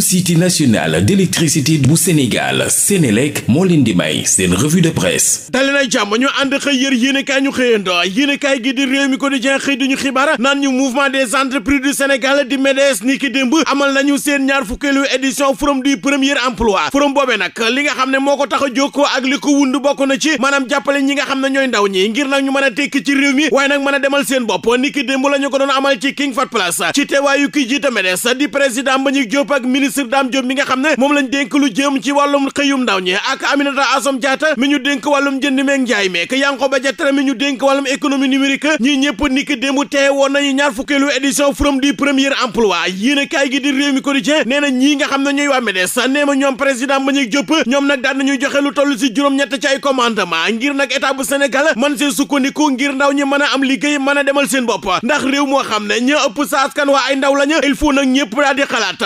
société nationale d'électricité moo leen di may seen revue ñu ànd xëy yër yéenekaay gi di réew mi quotidien xëy duñu xibaar naan ñu mouvement des entreprises du Sénégal di MEDES ni démb amal nañu seen ñaar fukkeelu édition forum du premier emploi forum boobee nag li nga xam ne moo ko tax a jókkoo ak li ko wund bokk na ci maanaam jàppale ñi nga xam ne ñooy ndaw ñi ngir nag ñu mën tekki ci réew mi waaye nag mën demal seen bopp ni démb la ñu doon amal ci King Fat ministre Dame Diop mi nga xam ne moom lañ dénk lu jëm ci wàllum xëyum ndaw ñi ak Aminata Assome Diatta mi ñu dénk wàllum njënd meeg njaay meek Yankhoba Diattara mi ñu dénk wàllum économie numérique ñi ñëpp ni ki démb tee woon nañu ñaar fukkeelu édition forum du premier emploi yéen a kaay gi di réew mi quotidien nee na ñii nga xam ne waa MEDES nee ma ñoom président Mbagnick Diop ñoom nag daan nañuy joxe lu toll si juróom-ñett ci ay commandement ngir nag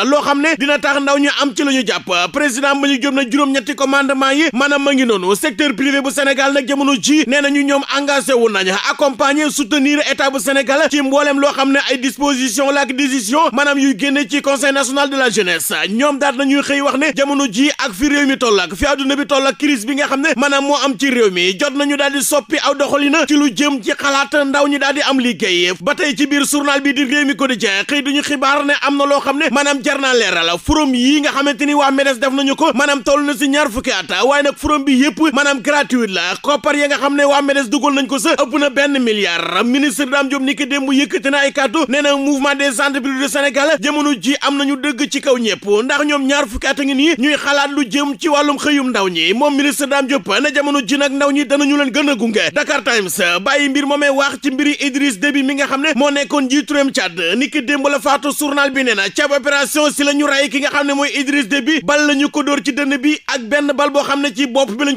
a dina tax ndaw ñi am ci lu ñu jàpp président ma ñu na juróom-ñetti commandement yi maanaam ma ngi noonu secteur privé bu Sénégal nag jamono ji nee nañu ñoom engagé wu nañ accompagner soutenir état bu Sénégal ci mbooleem loo xam ne ay disposition la ak décision maanaam yuy génne ci conseil national de la jeunesse ñoom daat nañuy xëy wax ne jamono ji ak fi réew mi toll fi àdduna bi toll ak crise bi nga xam ne maanaam moo am ci réew mi jot nañu daal di soppi aw doxalin ci lu jëm ci xalaat ndaw ñi daal di am liggéey ba tey ci biir journal bi di réew mi quotidien xëy duñu xibaar ne am na loo xam ne maanaam jar naa leeral la forum yii nga xamante ni waa MEDES def nañu ko maanaam toll na si ñaar fukki at waaye nag forum bi yëpp maanaam gratuite la koppar ya nga xam ne waa MEDES dugal nañ ko sa ëpp na benn milliard ministre Dame Diop ni ki démb yëkkati na ay kàddu nee na mouvement des entreprises du Sénégal jamono ji am nañu dëgg ci kaw ñëpp ndax ñoom ñaar fukki at a ngi nii ñuy xalaat lu jëm ci wàllum xëyum ndaw ñi moom ministre Dame Diop na jamono ji nag ndaw ñi danañu leen gën a gunge Dakar Times bàyyi mbir moomee wax ci mbiri Idriss Déby nga xam ne moo nekkoon jiitu réewum Tchad ni ki démb la faatu journal bi nee na ca opération si la ñu rey yi ki nga xam ne mooy Idriss Déby bal la ñu ko dóor ci dënn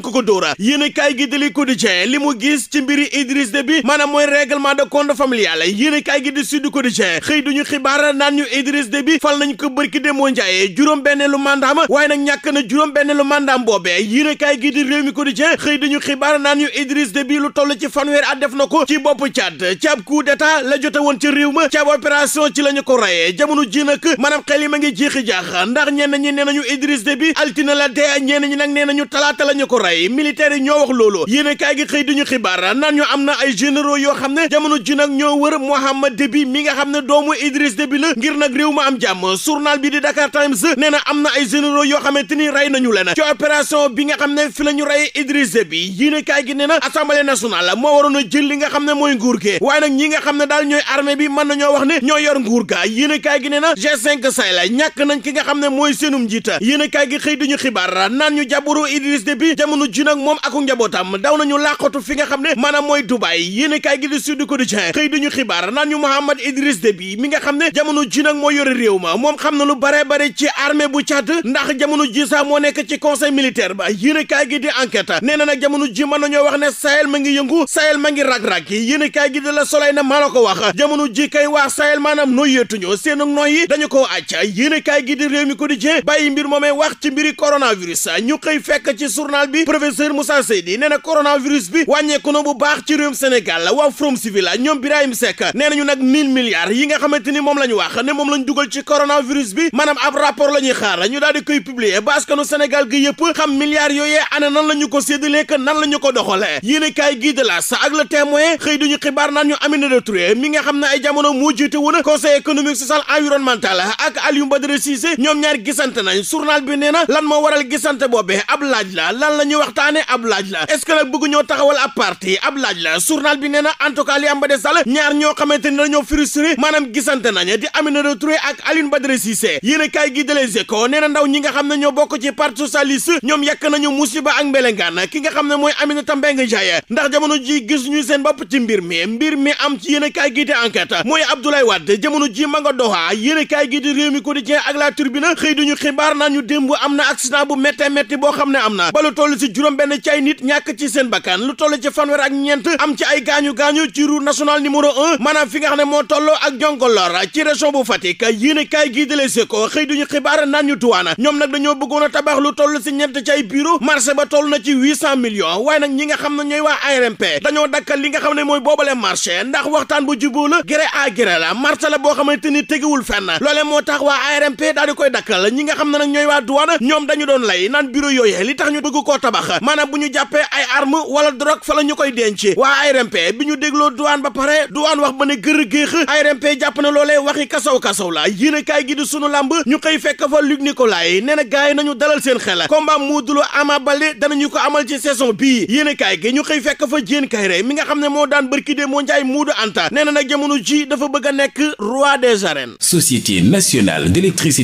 ko ko dóora yéen kaay gi di li li mu gis ci mbiri Idriss Déby maanaam mooy règlement de compte familial yéen kaay gi di Sud Quotidien xëy duñu xibaar naan ñu Idriss Déby fal nañ ko bërki demoo Ndiaye juróom benn lu mandaam waaye nag ñàkk na juróom benn lu mandaam boobee yéen kaay gi di réew mi Quotidien xëy duñu xibaar naan ñu lu toll ci fanweer at def na ko ci bopp Tchad ci ab coup la jote woon ci réew ma ci ab opération ci la ko rayee jamono ji nag maanaam xel yi ma jaax ndax ñenn ñi nee nañu Idriss Déby altine la dee ñenn ñi nag nee nañu talaata ñu ko rey militaire ñoo wax loolu yéene kaay gi xëy duñu xibaar naan ñu am na ay généraux yoo xam ne jamono ji nag ñoo wër Mohamed Déby mi nga xam ne doomu Idriss Déby la ngir nag réew ma am jàmm journal bi di Dakar Times nee na am na ay généraux yoo xamante ni rey nañu leen ci opération bi xam ne fi la na assemblée nationale moo waroon a nga xam ne mooy nguur gi waaye nag bi mën nañoo ne na g ki nga xam ne mooy seenum njiita kaa gi xëy duñu xibaar naan ñu jàburu Idriss Déby jamono ji nag moom ak njabootam daw na nañu làqatu fi nga xam ne maanaam mooy Dubaay yéenekaay gi di Sud Quotidien xëy duñu xibaar naan ñu Mohamed Idriss Déby mi nga xam ne jamono ji nag moo yore réew ma moom xam na lu bare bare ci armée bu Tchad ndax jamono ji sax moo nekk ci conseil militaire ba yéenekaay gi di enquête nee na nag jamono ji mën nañoo wax ne Sahel ma ngi yëngu Sahel ma ngi rag-rag yéenekaay gi di la na maa la ko wax jamono ji kay waa Sahel maanaam nooy seen nooy yi dañu ko acc yéenekaay gi di réew mi quotidien bàyyi mbir moomee wax ci mbiri coronavirus ñu xëy fekk ci journal bi professeur Moussa Seydi nee na coronavirus bi wàññeeku na bu baax ci réewum Sénégal waa Forum Civil ñoom Birahim Seck nee nañu nag mille milliards yi nga xamante moom la wax ne moom la dugal ci coronavirus bi maanaam ab rapport la xaar ñu daal koy publier ba askanu Sénégal gi yëpp xam milliards yooyee ana nan la ko séddalee que nan la ko doxalee yéen Cissé ñoom ñaar gisante nañ journal bi nee na lan moo waral gisante boobee ab laaj la lan la waxtaane ab laaj la est ce que nag bëgg ñoo taxawal ab parti ab laaj la journal bi nee na en tout cas li am ñaar ñoo xamante ni dañoo frustré maanaam gisante nañ di Aminata Touré ak Alioune Badara Cissé yéen a kaay gi de Les Échos nee na ndaw ñi nga xam ne ñoo bokk ci parti socialiste ñoom yàkk nañu musiba ak mbelengaan ki nga ne mooy Aminata Mbengue Ndiaye ndax jamono ji gis ñu seen bopp ci mbir mi mbir mi am ci yéen a kaay gi di enquête mooy Abdoulaye jamono ji ma nga doxaa a signature bi la xëy duñu xibaar naan ñu démb am na accident bu méttee métti boo xam ne am na ba lu toll si juróom benn ci ay nit ñàkk ci seen bakkan lu toll ci fanweer ak ñeent am ci ay gaañu-gaañu ci route nationale numéro un maanaam fi nga xam ne moo tolloo ak jongolor ci région bu Fatick yéen a kaay gii dale si ko xëy duñu xibaar naan ñu tuwaana ñoom nag dañoo bëggoon a tabax lu toll si ñeent ci ay bureau marché ba toll na ci huit cent millions waaye na ñi nga xam ne ñ waa ARMP dañoo li nga xam ne mooy boobale marché ndax waxtaan bu jubóo la gré à la marché la boo xamante ni tegiwul fenn loole moo tax waa ARMP daal di koy dakkal ñi nga xam ne nag ñooy waa douane ñoom dañu doon lay naan bureau yooyu li tax ñu bëgg koo tabax maanaam bu ñu jàppee ay arme wala drogue fa ñu koy denc waa ARMP bi ñu dégloo douane ba pare douane wax ba ne gër géex ARMP jàpp na loolee waxi kasaw-kasaw la yéen a kaay gi di sunu làmb ñu xëy fekk fa Luc Nicolaï nee na gars yi nañu dalal seen xel combat Modou Lo Ama dana ñu ko amal ci saison bii yéen a kaay gi ñu xëy fekk fa Diène Kairé mi nga xam ne moo daan bërki dee moo njaay muudu anta nee na nag jamono ji dafa bëgg a nekk roi des arènes société nationale d'électricité